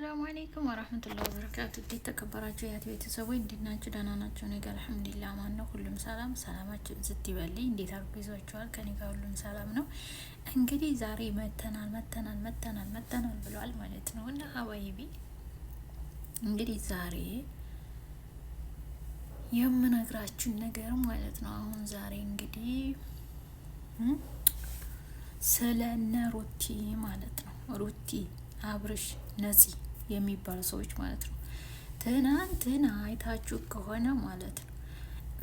አሰላሙ አሌይኩም ወራህመቱላሂ ወበረካቱ። እንዴት ተከበራችሁ የእህት ቤተሰቦች? እንዴት ናችሁ? ደህና ናቸው ነገ አልሐምዱሊላህ ማን ነው ሁሉም ሰላም ሰላማችን ስትይበልኝ እንዴት አድርጎ ይዟችኋል? ከኔ ጋር ሁሉም ሰላም ነው። እንግዲህ ዛሬ መተናል መተናል መተናል መተናል ብለዋል ማለት ነው እና ሀባይቢ እንግዲህ ዛሬ የምነግራችሁ ነገር ማለት ነው አሁን ዛሬ እንግዲህ ስለ እነ ሩቲ ማለት ነው ሩቲ አብርሽ ነፂ የሚባሉ ሰዎች ማለት ነው። ትናንትና አይታችሁ ከሆነ ማለት ነው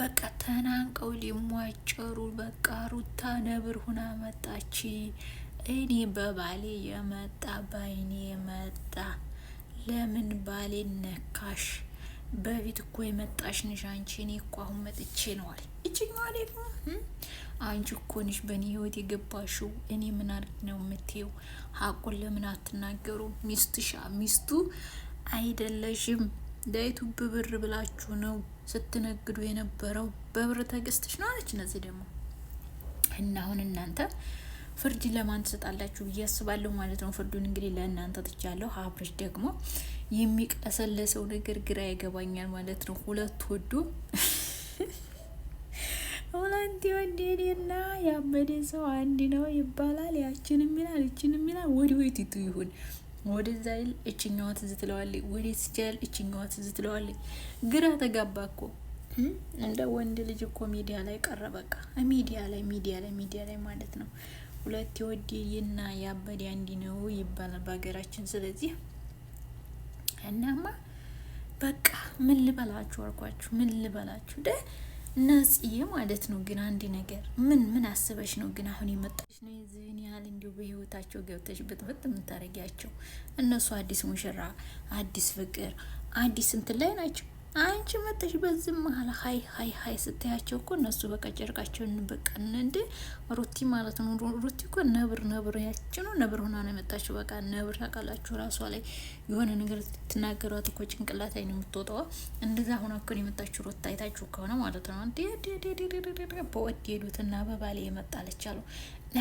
በቃ ተናንቀው ሊሟጨሩ በቃ ሩታ ነብር ሁና መጣች። እኔ በባሌ የመጣ ባይኔ የመጣ ለምን ባሌ ነካሽ? በፊት እኮ የመጣሽ ነሽ እኔ እኮ አሁን መጥቼ ነዋል እችኛዋ ደግሞ አንቺ እኮ ነሽ በእኔ ህይወት የገባሽው፣ እኔ ምን አድርግ ነው የምትየው? ሀቁን ለምን አትናገሩ? ሚስትሻ ሚስቱ አይደለሽም። ለዩቱብ ብር ብላችሁ ነው ስትነግዱ የነበረው፣ በብር ተገዝተሽ ነው አለች። እነዚህ ደግሞ እና አሁን እናንተ ፍርድ ለማን ትሰጣላችሁ ብዬ አስባለሁ ማለት ነው። ፍርዱን እንግዲህ ለእናንተ ትቻለሁ። ሀብርሽ ደግሞ የሚቀሰለሰው ነገር ግራ ያገባኛል ማለት ነው። ሁለት ወዱ ወላንቲ ወንዴኔና ያበደ ሰው አንድ ነው ይባላል። ያችንም ይላል እችንም ይላል። ወዲ ወይ ቲቱ ይሁን ወደዛ ይል እችኛዋ ትዝ ትለዋለች፣ ወደ ስቻል እችኛዋ ትዝ ትለዋለች። ግራ ተጋባ እኮ እንደ ወንድ ልጅ እኮ ሚዲያ ላይ ቀረ። በቃ ሚዲያ ላይ ሚዲያ ላይ ሚዲያ ላይ ማለት ነው። ሁለት የወዴና ያበደ አንድ ነው ይባላል በሀገራችን። ስለዚህ እናማ በቃ ምን ልበላችሁ አልኳችሁ፣ ምን ልበላችሁ ደ ነጽዬ ማለት ነው። ግን አንድ ነገር ምን ምን አስበሽ ነው ግን አሁን የመጣሽ ነው? የዚህን ያህል እንዲሁ በህይወታቸው ገብተሽ ብጥብጥ የምታደርጊያቸው እነሱ አዲስ ሙሽራ፣ አዲስ ፍቅር፣ አዲስ እንትን ላይ ናቸው። አንቺ መጥተሽ በዚህ መሀል ሀይ ሀይ ሀይ ስታያቸው እኮ እነሱ በቃ ጨርቃቸው በቃን እንዴ ሩቲ ማለት ነው። ሩቲ እኮ ነብር ነብር ያች ነው ነብር ሆና ነው የመጣችው። በቃ ነብር ታውቃላችሁ፣ ራሷ ላይ የሆነ ነገር ትናገሯት እኮ ጭንቅላት ላይ ነው የምትወጣዋ። እንደዛ ሆና እኮ ነው የመጣችው ሩት፣ አይታችሁ ከሆነ ማለት ነው። በወድ ሄዱትና በባሌ የመጣለች አሉ።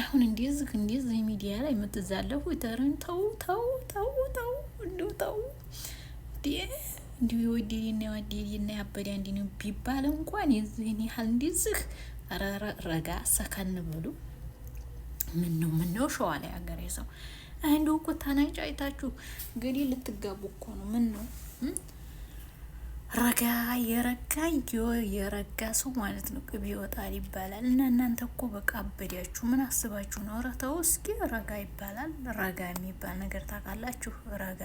አሁን እንዲዝህ እንዲዝህ ሚዲያ ላይ የምትዛለፉ ተርን ተው ተው ተው ተው እንዲ ተው እንዲሁ የወደዴና የወደዴና ያበደ አንድ ነው ቢባል እንኳን የዚህን ያህል እንዲዝህ ረጋ ሰከን ብሉ። ምን ነው ምን ነው ሸዋ ላይ ሀገር ሰው አንዱ እኮ ታናጭ አይታችሁ እንግዲህ ልትጋቡ እኮ ነው። ምን ነው ረጋ የረጋ የረጋ ሰው ማለት ነው ቅቤ ይወጣል ይባላል። እና እናንተ እኮ በቃ አበዳችሁ። ምን አስባችሁ ነው? ኧረ እስኪ ረጋ ይባላል። ረጋ የሚባል ነገር ታውቃላችሁ? ረጋ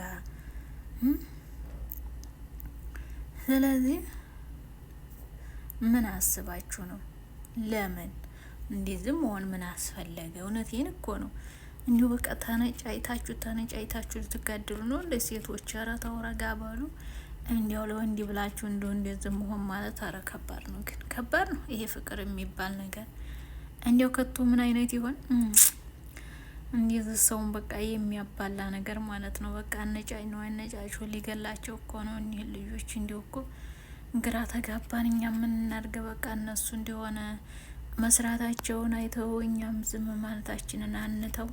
ስለዚህ ምን አስባችሁ ነው? ለምን ዝም መሆን ምን አስፈለገ? እውነቴን እኮ ነው። እንዲሁ በቃ ተነጫይታችሁ ተነጫይታችሁ ልትጋድሉ ነው እንደ ሴቶች። ኧረ ተው ረጋ በሉ። እንዲያው ለወንድ ብላችሁ እንዲሁ ዝም መሆን ማለት አረ ከባድ ነው፣ ግን ከባድ ነው ይሄ ፍቅር የሚባል ነገር። እንዲያው ከቶ ምን አይነት ይሆን እንደዚህ ሰውን በቃ የሚያባላ ነገር ማለት ነው። በቃ አነጫጭ ነው አነጫጭ ሊገላቸው እኮ ነው እኒህን ልጆች። እንዲሁ እኮ ግራ ተጋባን እኛ የምናድርግ በቃ እነሱ እንደሆነ መስራታቸውን አይተው እኛም ዝም ማለታችንን አንተው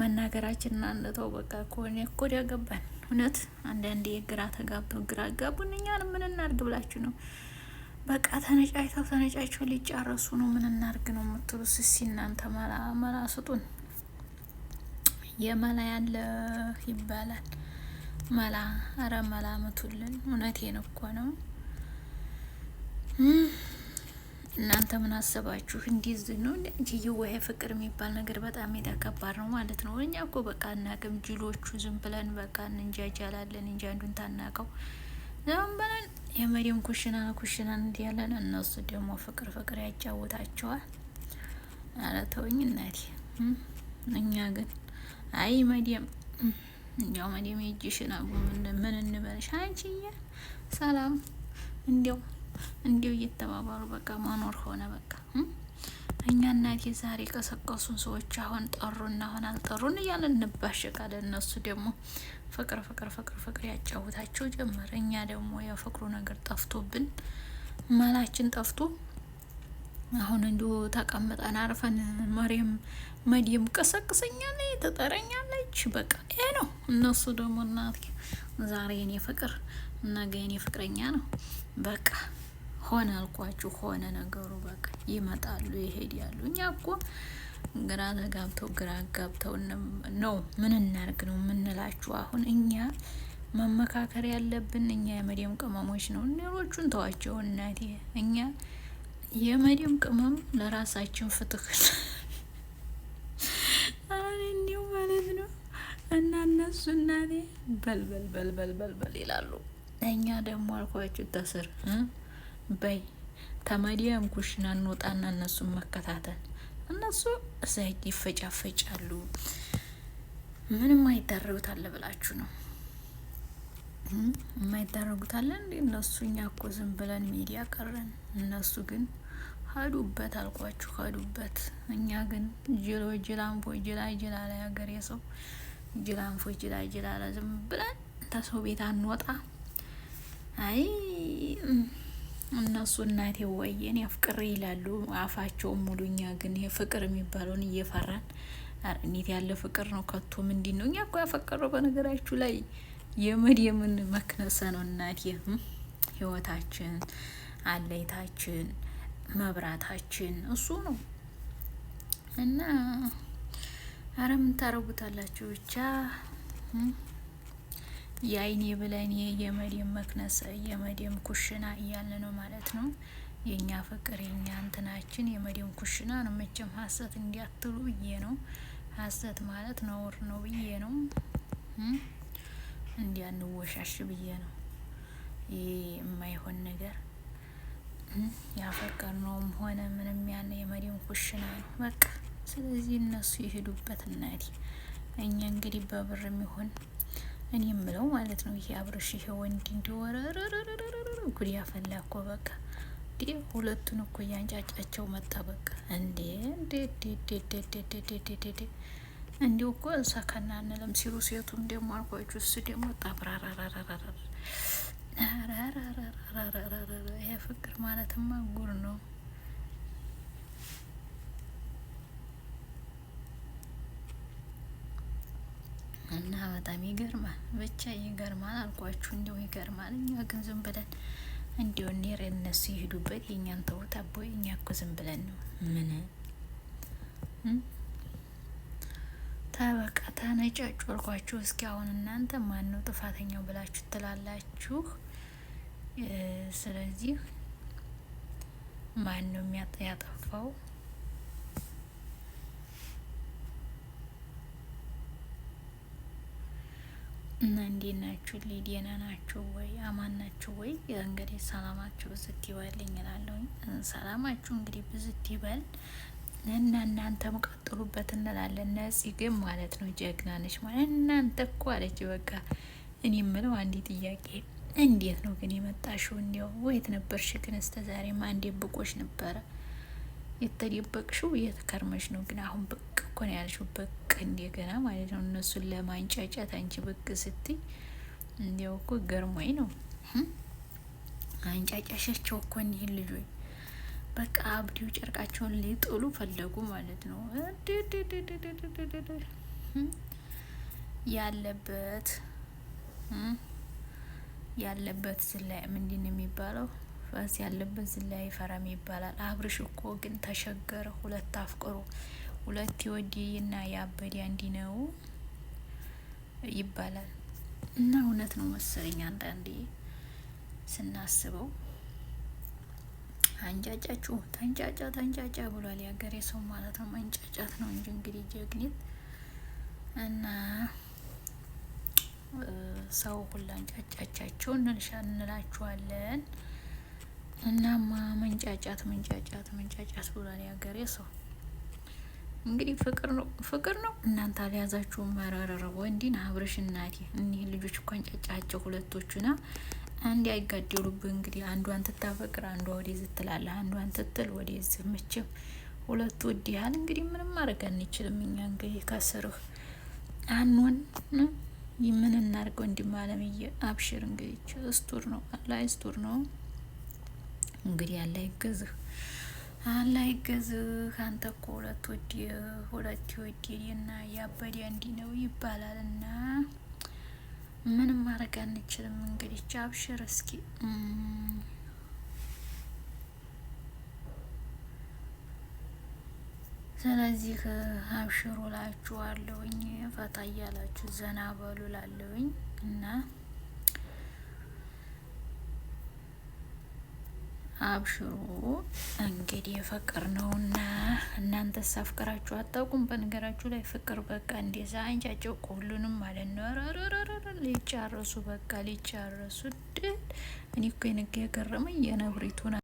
መናገራችንን አንተው በቃ ከሆነ እኮ ያገባን እውነት አንዳንዴ ግራ ተጋባ ግራ ጋቡን እኛን ምን እናድርግ ብላችሁ ነው በቃ ተነጫጭተው ተነጫቸው ሊጫረሱ ነው። ምን እናድርግ ነው የምትሉስ? እስኪ እናንተ መላ መላ ስጡን። የመላ ያለህ ይባላል። መላ አረ መላ ምቱልን። እውነቴን እኮ ነው። እናንተ ምን አሰባችሁ? እንዲዝህ ነው እንጂ ይወሄ ፍቅር የሚባል ነገር በጣም የተከባድ ነው ማለት ነው። እኛ እኮ በቃ አናቅም። ጅሎቹ ዝም ብለን በቃ እንጃጃላለን እንጂ አንዱን ታናቀው ዝም ብለን የመሪም ኩሽና ኩሽና እንዲህ ያለን፣ እነሱ ደግሞ ፍቅር ፍቅር ያጫውታቸዋል። ኧረ ተውኝ እናቴ። እኛ ግን አይ መዲም እንዲያው መዲም የእጅሽን አጉ ምን እንበልሽ አንቺዬ፣ ሰላም እንዲያው እንዲያው እየተባባሉ በቃ መኖር ሆነ በቃ እኛ እናቴ ዛሬ ቀሰቀሱን ሰዎች አሁን ጠሩና አሁን አልጠሩን እያለን እንባሸቃለን። እነሱ ደግሞ ፍቅር ፍቅር ፍቅር ፍቅር ያጫውታቸው ጀመር። እኛ ደግሞ የፍቅሩ ነገር ጠፍቶብን መላችን ጠፍቶ አሁን እንዲሁ ተቀምጠን አርፈን መሬም መድየም ቀሰቅሰኛለች፣ ተጠረኛለች። በቃ ይሄ ነው። እነሱ ደግሞ እናቴ ዛሬ የኔ ፍቅር ነገ የኔ ፍቅረኛ ነው። በቃ ሆነ አልኳችሁ፣ ሆነ ነገሩ። በቃ ይመጣሉ፣ ይሄዳሉ። እኛ እኮ ግራ ተጋብተው ግራ ጋብተው ነው ምን እናርግ ነው የምንላችሁ። አሁን እኛ መመካከር ያለብን እኛ የመዲም ቅመሞች ነው። ሌሎቹን ተዋቸው እናቴ። እኛ የመዲም ቅመም ለራሳችን ፍትህ እሱ እናቴ በልበል በልበል በልበል ይላሉ። እኛ ደግሞ አልኳችሁ ተስር በይ ተመዲያም ኩሽና እንወጣና እነሱን መከታተል እነሱ እዛ ይፈጫፈጫሉ። ምንም አይዳረጉት አለ ብላችሁ ነው የማይዳረጉት አለ እንዴ? እነሱ እኛ እኮ ዝም ብለን ሚዲያ ቀረን። እነሱ ግን ሀዱበት አልኳችሁ፣ ሀዱበት። እኛ ግን ጅሎ ጅላንፎ ጅላ ጅላ ላይ ሀገር የሰው ጅላንፎ ጅላ ጅላላ ዝም ብለን ተሰው ቤት አንወጣ። አይ እነሱ እናቴ ወየን ያፍቅር ይላሉ አፋቸውም ሙሉኛ ግን ይሄ ፍቅር የሚባለውን እየፈራን እንዴት ያለ ፍቅር ነው? ከቶ ምንድን ነው? እኛ እኮ ያፈቀረው በነገራችሁ ላይ የመድ የምን መክነሰ ነው እናቴ ህይወታችን፣ አለይታችን፣ መብራታችን እሱ ነው እና አረ ምን ታረጉታላችሁ? ብቻ የአይኔ ብለን የመዲም መክነስ የመዲም ኩሽና እያለ ነው ማለት ነው። የእኛ ፍቅር የኛ እንትናችን የመዲም ኩሽና ነው። መቼም ሀሰት እንዲያትሉ ብዬ ነው። ሀሰት ማለት ነውር ነው ብዬ ነው። እንዲያንወሻሽ ብዬ ነው። ይህ የማይሆን ነገር ያፈቀርነውም ሆነ ምንም ያለ የመዲም ኩሽና ነው በቃ ስለዚህ እነሱ የሄዱበት እናዲ እኛ እንግዲህ በብር የሚሆን እኔ የምለው ማለት ነው። ይሄ አብርሽ ይሄ ወንድ እንዲወረረረረረረ ጉድ ያፈላ እኮ በቃ እንዴ! ሁለቱን እኮ እያንጫጫቸው መጣ በቃ እንዴ! እንዴ! እንዲሁ እኮ ሰከና አንለም ሲሉ ሴቱም ደግሞ አልኳችሁ። እሱ ደግሞ ጣብራራራራራራ ይሄ ፍቅር ማለትማ ጉር ነው። በጣም ይገርማል። ብቻ ይገርማል አልኳችሁ፣ እንዲው ይገርማል። እኛ ግን ዝም ብለን እንዲሁ ኔር እነሱ ይሄዱበት የእኛን ተውት አቦ፣ እኛ እኮ ዝም ብለን ነው ምን ታበቃ ታነጫጩ አልኳችሁ። እስኪ አሁን እናንተ ማን ነው ጥፋተኛው ብላችሁ ትላላችሁ? ስለዚህ ማን ነው የሚያጠፋው? እና እንዴት ናችሁ? ሊዲየና ናችሁ ወይ? አማን ናችሁ ወይ? እንግዲህ ሰላማችሁ ብዝት ይበልኝ እላለሁ። ሰላማችሁ እንግዲህ ብዝት ይበል እና እናንተ ቀጥሉበት እንላለን። ነጽ ግን ማለት ነው ጀግና ነች ማለት እናንተ እኮ አለች። በቃ እኔ ምለው አንዴ ጥያቄ እንዴት ነው ግን የመጣሽው? እንዲያው ወይት ነበርሽ ግን እስከ ዛሬማ ብቆሽ ነበረ የተደበቅሽው እየተከርመሽ ነው። ግን አሁን ብቅ እኮ ነው ያልሽው። ብቅ እንደገና ማለት ነው እነሱን ለማንጫጫት አንቺ ብቅ ስትይ እንዲያው እኮ ገርሞኝ ነው። አንጫጫሻቸው እኮ እኒህን ልጆች በቃ አብዲው ጨርቃቸውን ሊጥሉ ፈለጉ ማለት ነው። ያለበት ያለበት ላይ ምንድን ነው የሚባለው? ባስ ያለበት ዝላይ ፈረም ይባላል። አብርሽ እኮ ግን ተሸገረ። ሁለት አፍቅሮ ሁለት ና የአበዴ አንዲ ነው ይባላል እና እውነት ነው መሰለኝ አንዳንዴ ስናስበው አንጫጫችሁ ተንጫጫ ተንጫጫ ብሏል የሀገሬ ሰው ማለት ነው። መንጫጫት ነው እንጂ እንግዲህ ጀግኒት እና ሰው ሁላ እንልሻ እንላችኋለን። እናማ መንጫጫት መንጫጫት መንጫጫት ብሏል ያገሬ ሰው። እንግዲህ ፍቅር ነው ፍቅር ነው። እናንተ አልያዛችሁም። መረረረ ወንዲን አብረሽ እናቴ፣ እኒህን ልጆች እኳ እንጫጫቸው ሁለቶቹና አንድ አይጋደሉብህ። እንግዲህ አንዷን ትታፈቅር አንዷ ወደዚህ ትላለህ፣ አንዷን ትትል ወደዚህ። መቼም ሁለቱ ወዲያህል እንግዲህ ምንም ማድረግ አንችልም እኛ እንግዲህ ካሰርህ አኖን ይምን እናርገው? እንዲማለምየ አብሽር እንግዲህ እስቱር ነው አላ ስቱር ነው። እንግዲህ አላ ይገዝህ፣ አላ ይገዝህ። አንተ እኮ ሁለት ወድ ሁለት እና ያበደ አንዲ ነው ይባላል እና ምንም ማድረግ አንችልም። እንግዲህ አብሽር እስኪ ስለዚህ አብሽሩ ላችኋለሁኝ። ፈታ እያላችሁ ዘና በሉ ላለሁኝ እና አብሽሮ እንግዲህ ነው እና እናንተ አፍቅራችሁ አታውቁም? በነገራችሁ ላይ ፍቅር በቃ እንደዛ አንጫጭቁ ሁሉንም ማለት ነው። ረረረረረ ሊጫረሱ በቃ ሊጫረሱ ድል። እኔ እኮ የነገ የገረመኝ የነብሪቱን